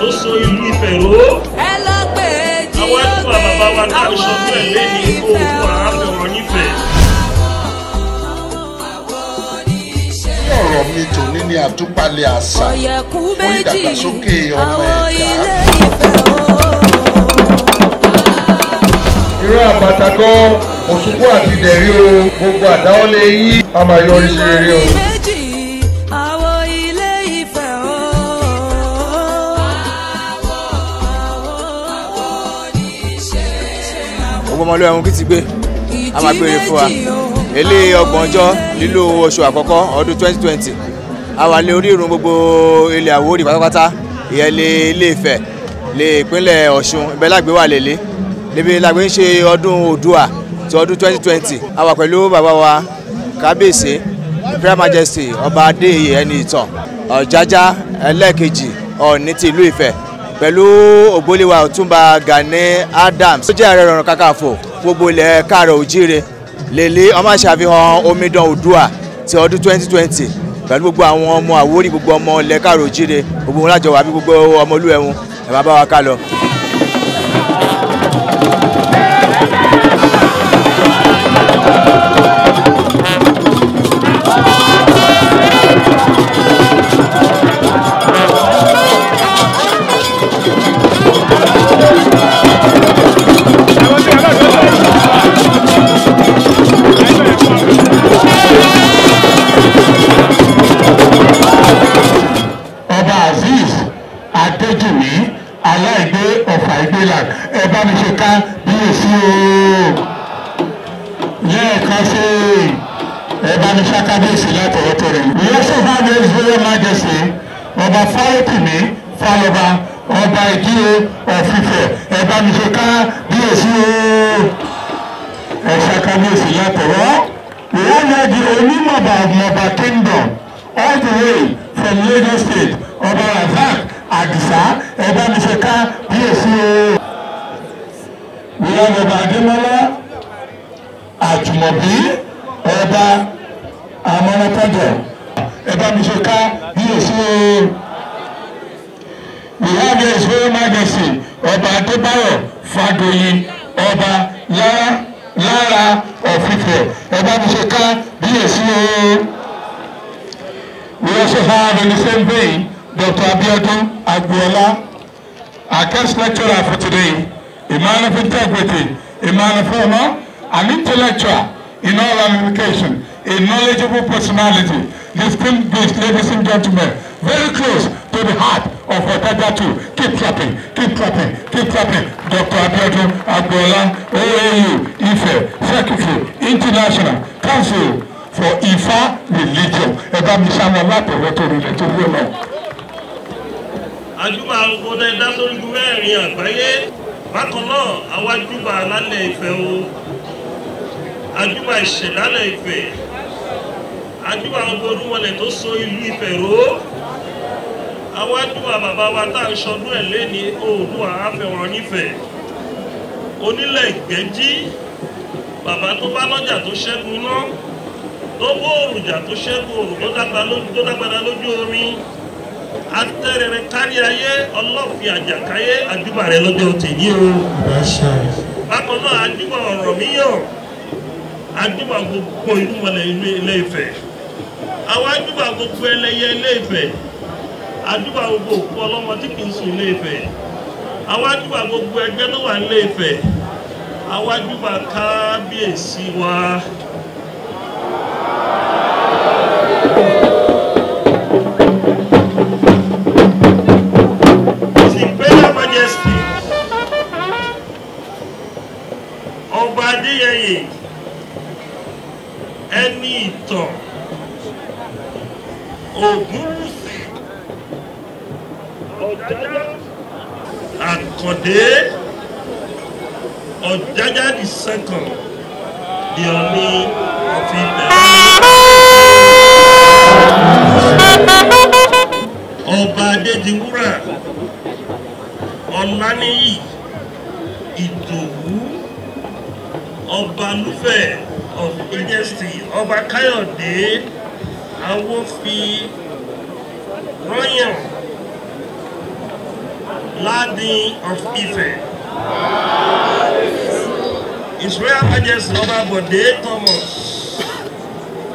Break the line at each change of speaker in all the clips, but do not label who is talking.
tó so ìlú Ifẹ̀ ró. ẹ lọ pé jí ó pé àwọn ilé Ifẹ̀ ó.
ọ̀rọ̀ mi tòní ni àtúpalẹ̀ àṣà fún ìdàgbàsókè ọmọ ẹ̀dá.
irú àbàtà kan òṣùpá àti ìdẹ̀rí o gbogbo àdáwọ́lé yín a máa yọrí sí rere o. gbọmọlú ẹ̀hún kìtì gbé a máa béèrè fún wa èlé ọgbọ̀njọ́ lílo oṣù àkọ́kọ́ ọdún 2020 àwàlẹ̀ orí ìrùn gbogbo ilẹ̀ Àwórì pátápátá ìyẹn lé Ilé Ifẹ̀ lé ìpínlẹ̀ Ọ̀ṣun ibẹ̀ lágbé wà lélẹ̀ níbi lágbé ń ṣe ọdún Oòduà ti ọdún 2020 a wà pẹ̀lú bàbá wa kábíyèsí Imperial Majesty ọba Adéyẹyè Ẹniìtàn Ọ̀jájá ẹlẹ́ẹ̀kejì Ọọ̀ni ti ìlú Ifẹ̀ pẹ̀lú ògbóliwa ọ̀túnba Gani Adams tó jẹ́ ààrẹ ọ̀nà kakanfò gbogbo ilẹ̀ káàrọ̀ òjíire lèlé ọmọ àṣàfihàn omidan Oòduà ti ọdún 2020 pẹ̀lú gbogbo àwọn ọmọ Àwórì gbogbo ọmọ ilẹ̀ káàrọ̀ òjíire gbogbo wọn lájọ wà bí gbogbo ọmọlúwẹ̀hún ẹ̀ bá bá wa ká lọ.
Royal Royal Majesty ọba Fáyọ̀tìmí Fáyọba ọba Ìkirè of Ifẹ̀ ẹ̀bá mi ṣe ká bíyèsí o
we all látọ̀rọ̀ the lọ di onímọ̀bà mọ̀bà kingdom all the way from Lagos State ọba Razak Àdìsá ẹ̀bá mi ṣe ká bíyèsí o wíwá ọba Adémọ́lá
Àjùmọ̀bí ọba Amọ́nàtàjọ́ ẹ bá mi ṣe ká bí èsì ooo.
we have ọba adébáyọ̀ fàdòyí ọba
lára of Ifẹ̀ ẹ bá mi ṣe ká we also have in the same vein Dr. Abiodun Agboola our guest lecturer for today a man of integrity a man of honor an intellectual in all ramifications a knowledgeable personality, distinguished ladies and gentlemen, very
close to the heart of Okadatu. Keep clapping, keep clapping, keep clapping. Dr. Abiodun Agbola, OAU, IFE, Secretary, International Council for Ifa
Religion. Ẹ̀bá mi sáwọn alápẹ̀rẹ̀ tó rinlẹ̀ tó wúlò náà. Àjùbà òkúta ẹ̀dá sórí ju mẹ́rin àgbáyé. Bákan náà, àwa júbà lálẹ́ Ifẹ̀ o. Àjùbà ìṣẹ̀dálẹ̀ Ifẹ̀ àdúrà àwọn orúnmọlẹ̀ tó so ìlú Ifẹ̀ ró àwọn àdúrà wa tá à ń sọdún ẹ̀ lẹ́ni oòdùà àfẹ̀wọ̀n nífẹ̀ẹ́ onílẹ̀ ìgbẹ́jí bàbá tó bá lọ́jà tó ṣẹ́gun iná tó bó òrùjà tó ṣẹ́gun òrùn tó dágbada lójú omi atẹ́rẹrẹ kárí ayé ọlọ́ọ̀fin àjàkáyé àdúbà rẹ lọ́jọ́ tèmi o. bákan náà àdúbà ọ̀rọ̀ mi yàn àdúbà gbogbo ìlú mọ̀lẹ́ ilé Ifẹ̀. àwa júbà gbogbo ẹlẹ́yẹ ilé Ifẹ̀ àjúbà òkú ọlọ́mọ tí kì í sùn ilé gbogbo ló wà wa. Ògúnwùsì Àkàndé Ọ̀jájá the second the Ọ̀ọ̀ni of Ilẹ̀ Ọba Adédiwúrà Ọláníyì Ìdòwú Ọba Lúfẹ̀ of Ilẹ̀ State Ọba Káyọ̀dé àwọn fi Royal Ladi of Ife. His Royal Majesty Ọba Bode Thomas.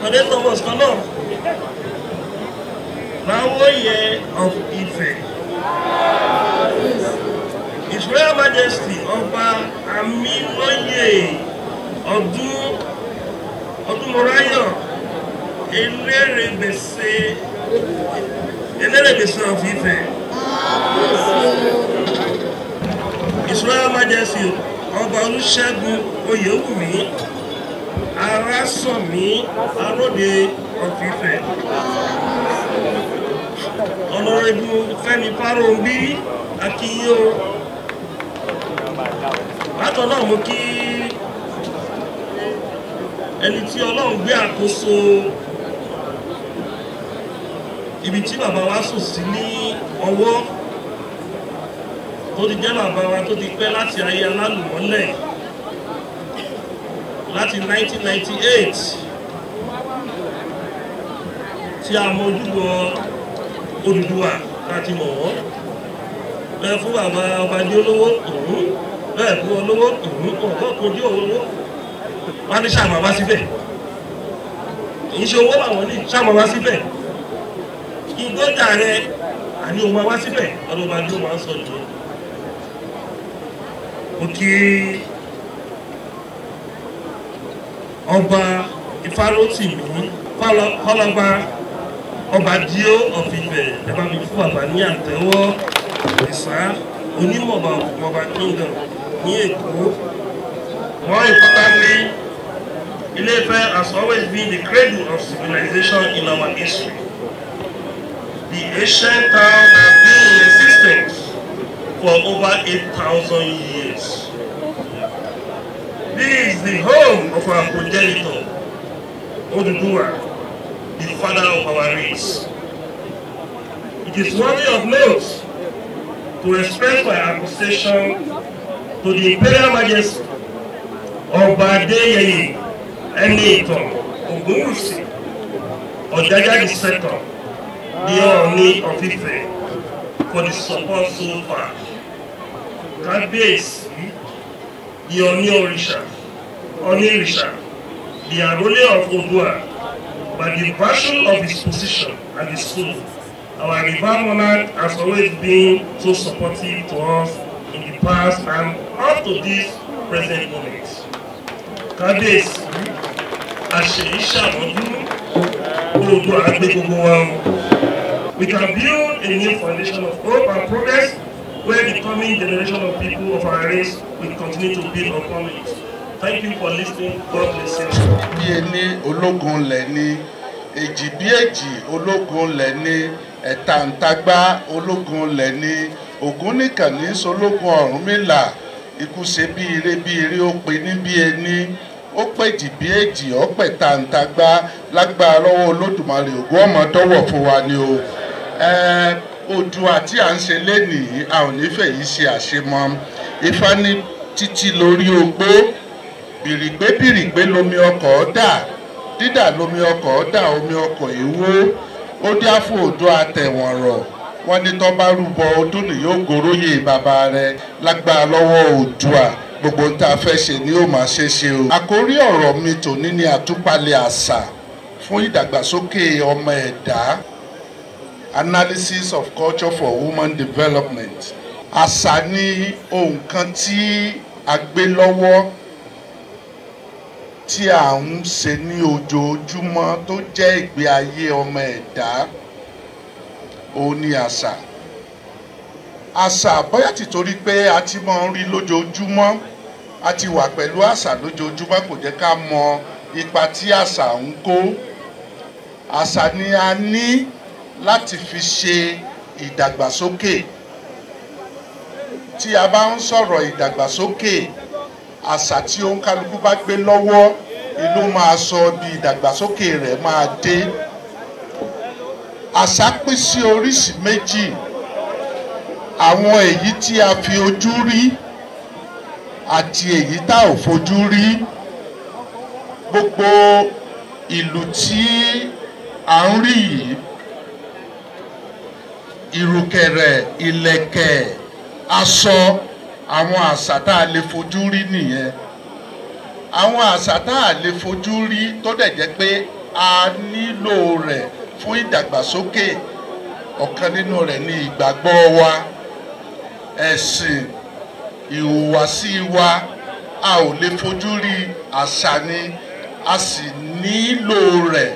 Bode Thomas kan náà. Lawoye of Ife. His Royal Majesty of Ọba Amiloye Ọdún Ọdúnmọ́ráyọ̀ Elérébèsè. Yɛnɛrɛ de sɔn fi fɛ. Israel Majesty ọba Olúṣẹ́gun Oyèwùmí Arásànmí Aróde of Ifẹ̀. Honorable Fẹ́mi Fáròmbí Akínyó. Bàtọ̀ náà mú kí ẹni tí Ọlọ́run gbé àkóso ibi tí bàbá wa sùn sí ní ọwọ́ tó ti jẹ́ bàbá wa tó ti pẹ́ láti ayé alálùmọ́lẹ̀ láti 1998 tí a mọ ojúbọ Odùduwà láti mọ̀ wọ́n bẹ́ẹ̀ fún bàbá ọba jẹ́ olówó òun bẹ́ẹ̀ fún olówó òun ọ̀gọ́ kò jẹ́ olówó wọ́n á ní sàmà wá síbẹ̀ kì í ṣe owó làwọn ní sàmà síbẹ̀ gọ́tà rẹ àní o máa wá síbẹ̀ ọlọ́ba ni ó ń sọ jù mo kí ọba ìfarótìmí kọlọba ọba díó ọ̀fìfẹ̀ ẹ fún bàbá ní àtẹ́wọ́ ìsá onímọ̀ba ọba kingdom ní èkó more importantly Ile-Ife has always been the cradle of civilization in our history ancient town has been in existence for over 8,000 years. This is the home of our progenitor, Odudua, the father of our race. It is worthy of note to express my appreciation to the Imperial Majesty of Badeyeye Eniton Ogunwusi Ojaja the Second Mayor Oni of Ife, for the support so far. Kábíyèsí, the Oni Orisha, Oni Orisha, the Arole of Odua, by the virtue of his position and his soul, our river monarch has always been so supportive to us in the past and up to this present moment. Kábíyèsí, àṣèyí ṣàmọ́dún, gbogbo àgbẹ̀ gbogbo wa o we can build a new foundation of hope and progress where the coming generation of people of our race will continue to build upon it.
Thank you for listening. God bless you. Bí ẹni ológun lẹ̀ ni èjì bí èjì ológun lẹ̀ ni ẹ̀tàǹtagbá ológun lẹ̀ ni ògún nìkan ní sológun Ọ̀rúnmìlà ikú ṣe bí ire bí ire ó pe ní bí ẹni ó pè jì bí èjì lágbára lọ́wọ́ Olódùmarè ògún ọmọ fún wa ni o. Oòduà tí à ń ṣe lénìí a ò ní fẹ̀yí ṣe àṣemọ Ifá ní títí lórí ogbó bìrìgbé bìrìgbé lomi ọkọ̀ dà dídà lomi ọkọ̀ dà omi ọkọ̀ èwo ó dá fún Oòduà tẹ̀wọ̀nrọ̀ wọ́n ní tó bá rúbọ ọdún ni yóò goróyè bàbá rẹ̀ lágbára lọ́wọ́ Oòduà gbogbo tá a fẹ́ ṣe ni yóò máa ṣe ṣe o. àkórí ọ̀rọ̀ mi tòní ni àtúpalẹ̀ àṣà fún ìdàgbàsókè ọmọ ẹ̀dá analysis of culture for women development àṣà ni ohun kan tí a gbé lọ́wọ́ tí à ń ṣe ní ojoojúmọ́ tó jẹ́ ìgbé ayé ọmọ ẹ̀dá òun ni àṣà àṣà bóyá tìtorí pé a ti máa ń rí lójoojúmọ́ a ti wà pẹ̀lú àṣà lójoojúmọ́ kò jẹ́ ká mọ ipa tí àṣà ń kó àṣà ni a ní láti fi ṣe ìdàgbàsókè tí a bá ń sọ̀rọ̀ ìdàgbàsókè àṣà tí òǹkálukú bá gbé lọ́wọ́ ìlú máa sọ bí ìdàgbàsókè rẹ̀ máa dé àṣà pín sí oríṣi méjì àwọn èyí tí a fi ojú rí àti èyí tá ò fojú rí gbogbo ìlú tí à ń rí yìí ìrùkẹ̀rẹ̀ ìlẹ̀kẹ̀ aṣọ àwọn àṣà tá a lè fojú rí nìyẹn àwọn àṣà tá a lè fojú rí tó dẹ̀ jẹ́ pé a nílò rẹ̀ fún ìdàgbàsókè ọ̀kan nínú rẹ̀ ni ìgbàgbọ́ wa ẹ̀sìn ìhùwàsí wa a ò lè fojú rí àṣà ni a sì nílò rẹ̀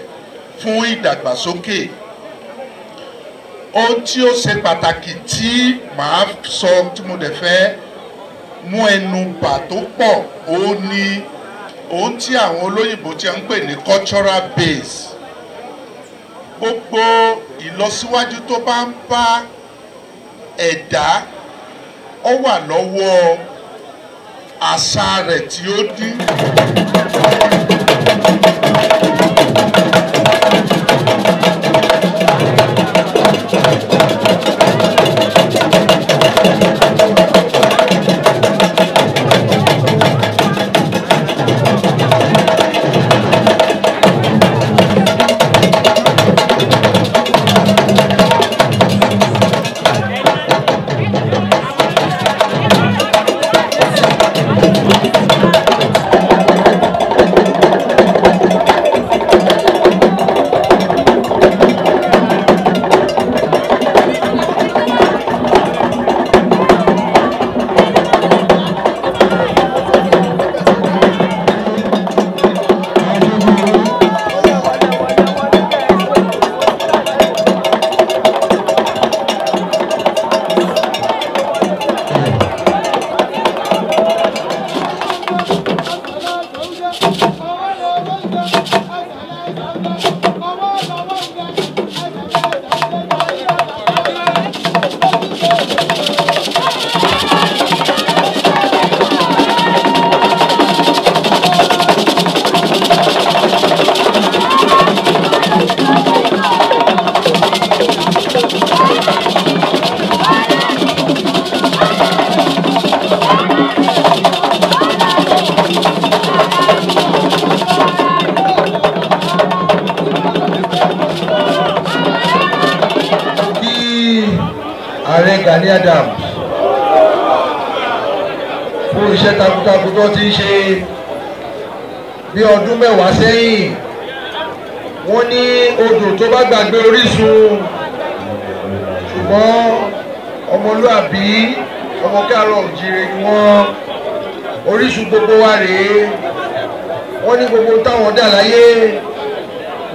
fún ìdàgbàsókè ohun tí ó ṣe pàtàkì tí màá sọ tí mo dẹ̀ fẹ́ mú ẹnu bà tó pọ̀ òun ni ohun tí àwọn olóyìnbó ti ń pè ní cultural base gbogbo ìlọsíwájú tó bá ń bá ẹ̀dá ó wà lọ́wọ́ àṣà rẹ̀ tí ó dín.
tó ti ń ṣe bí ọdún mẹ́wàá sẹ́yìn wọ́n ní odò tó bá gbàgbé orísun ṣùgbọ́n ọmọlúàbí ọmọ kárọ̀ òjìrè ni wọ́n orísun gbogbo wa rèé wọ́n ní gbogbo táwọn dà láyé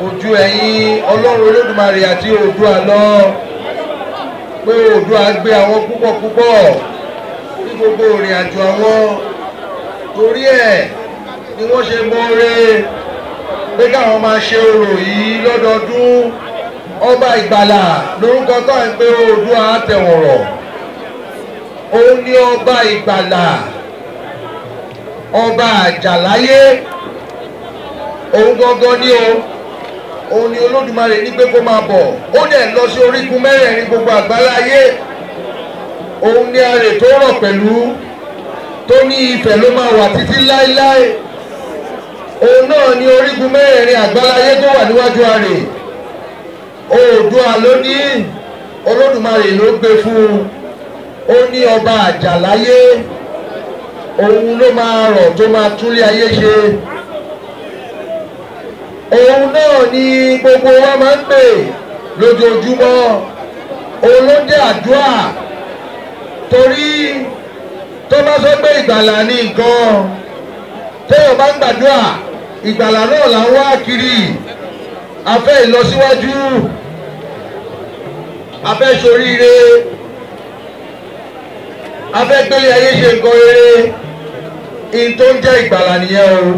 ojú ẹ̀yin ọlọ́run olódùmarè àti oòdùà lọ pé oòdùà gbé àwọn púpọ̀ púpọ̀ ní gbogbo ìrìn àjò àwọn torí ẹ̀ ni wọ́n ṣe mọ́re pé káwọn máa ṣe orò yìí lọ́dọọdún ọba ìgbàlà lórúkọ tó ń pe Oòduà àtẹ̀wọ̀rọ̀ òun ni ọba ìgbàlà ọba àjàláyé òun gangan ni o òun ni olódùmarè ní pé kó máa bọ̀ ó dẹ̀ lọ sí orígun mẹ́rẹ̀ẹ̀rin gbogbo àgbáláyé òun ni arè tó rọ̀ pẹ̀lú tó ní Ifẹ̀ ló máa wà títí láéláé òun náà ni orígun mẹ́rẹ̀ẹ̀rin àgbáláyé tó wà níwájú ààrẹ Oòduà ló ní Olódùmarè ló gbé fún un ó ní ọba àjàláyé òun ló máa rọ̀ tó máa túnlé ayé ṣe òun náà ni gbogbo wa máa ń pè lójoojúmọ́ òun ló jẹ́ àdúrà torí tó bá sọ pé ìgbàlà ni nǹkan téèyàn bá ń gbàdúrà ìgbàlà náà là ń wá kiri afẹ́ ìlọsíwájú afẹ́ ṣoríire afẹ́ gbélé ayé ṣe nǹkan rere in tó ń jẹ́ ìgbàlà nìyẹn o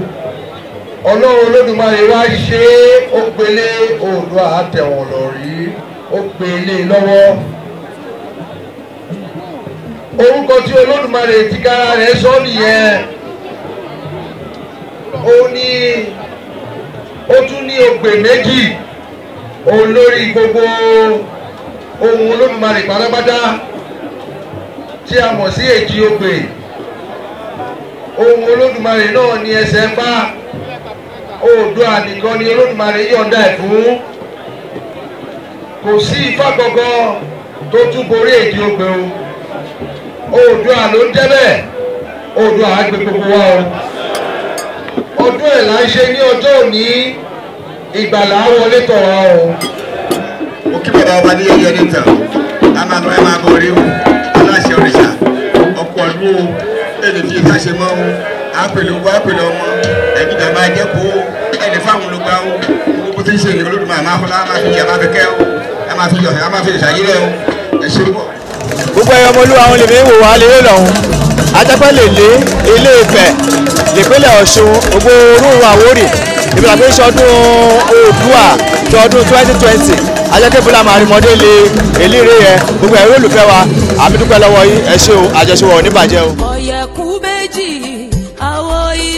ọlọ́run olódùmarè wá ṣe é ó gbélé oòdùà àtẹ̀wọ̀n lọ rí ó gbélé lọ́wọ́ orúkọ tí olódùmarè ti kára rẹ̀ sọ nìyẹn ó ní ó tún ní ogbè méjì òun lórí gbogbo ohun olódùmarè pátápátá tí a mọ̀ sí èjì ogbè ohun olódùmarè náà ni ẹsẹ̀ ń bá oòdùà nìkan ni olódùmarè yọ̀ǹda ẹ̀ fún kò sí ifá gbọ̀ngàn tó tún borí èjì ogbè o. Oòduà ló ń débẹ̀ Oòduà á gbé gbogbo wa o ọdún ẹ̀ là ń ṣe ní ọjọ́ òní ìgbàlá wọlé tọ̀ wá o.
mo kí bàbá wa ní yẹyẹ níta a máa lọ ẹ máa bọ orí o aláṣẹ òrìṣà ọ̀pọ̀ ìlú o èdè tí ìta ṣe mọ́ o àpèlè owó àpèlè ọmọ ẹ̀mí dàbá ẹ̀jẹ̀ kó o ẹ̀dẹ̀ fáwọn olùgbà o gbogbo tí ń ṣe ìrìn olódùmarè máa fọlá
máa fi jẹ máa fi kẹ́ o ẹ máa fi jọ ẹ máa fi ìṣàyẹ̀rẹ̀ o ẹ ṣe pọ̀ gbogbo ẹyọ ọmọlúwa òun lèmi wò wá lérè lọ́hùn ajápẹ́ lè lé ilé Ifẹ̀ ìpínlẹ̀ Ọ̀ṣun gbogbo orúurú àwórì ìbílẹ̀ àpé sọdún oòdùà tó ọdún twenty twenty ajẹ́kẹ́bùlà màrímọ́dé lè eléré yẹ gbogbo ẹ̀rọ olùfẹ́ wa àmì dúpẹ́ lọ́wọ́ yín ẹ o àjọṣe wa ní bàjẹ́ o. ọ̀yẹ̀kú méjì àwọ̀ yìí.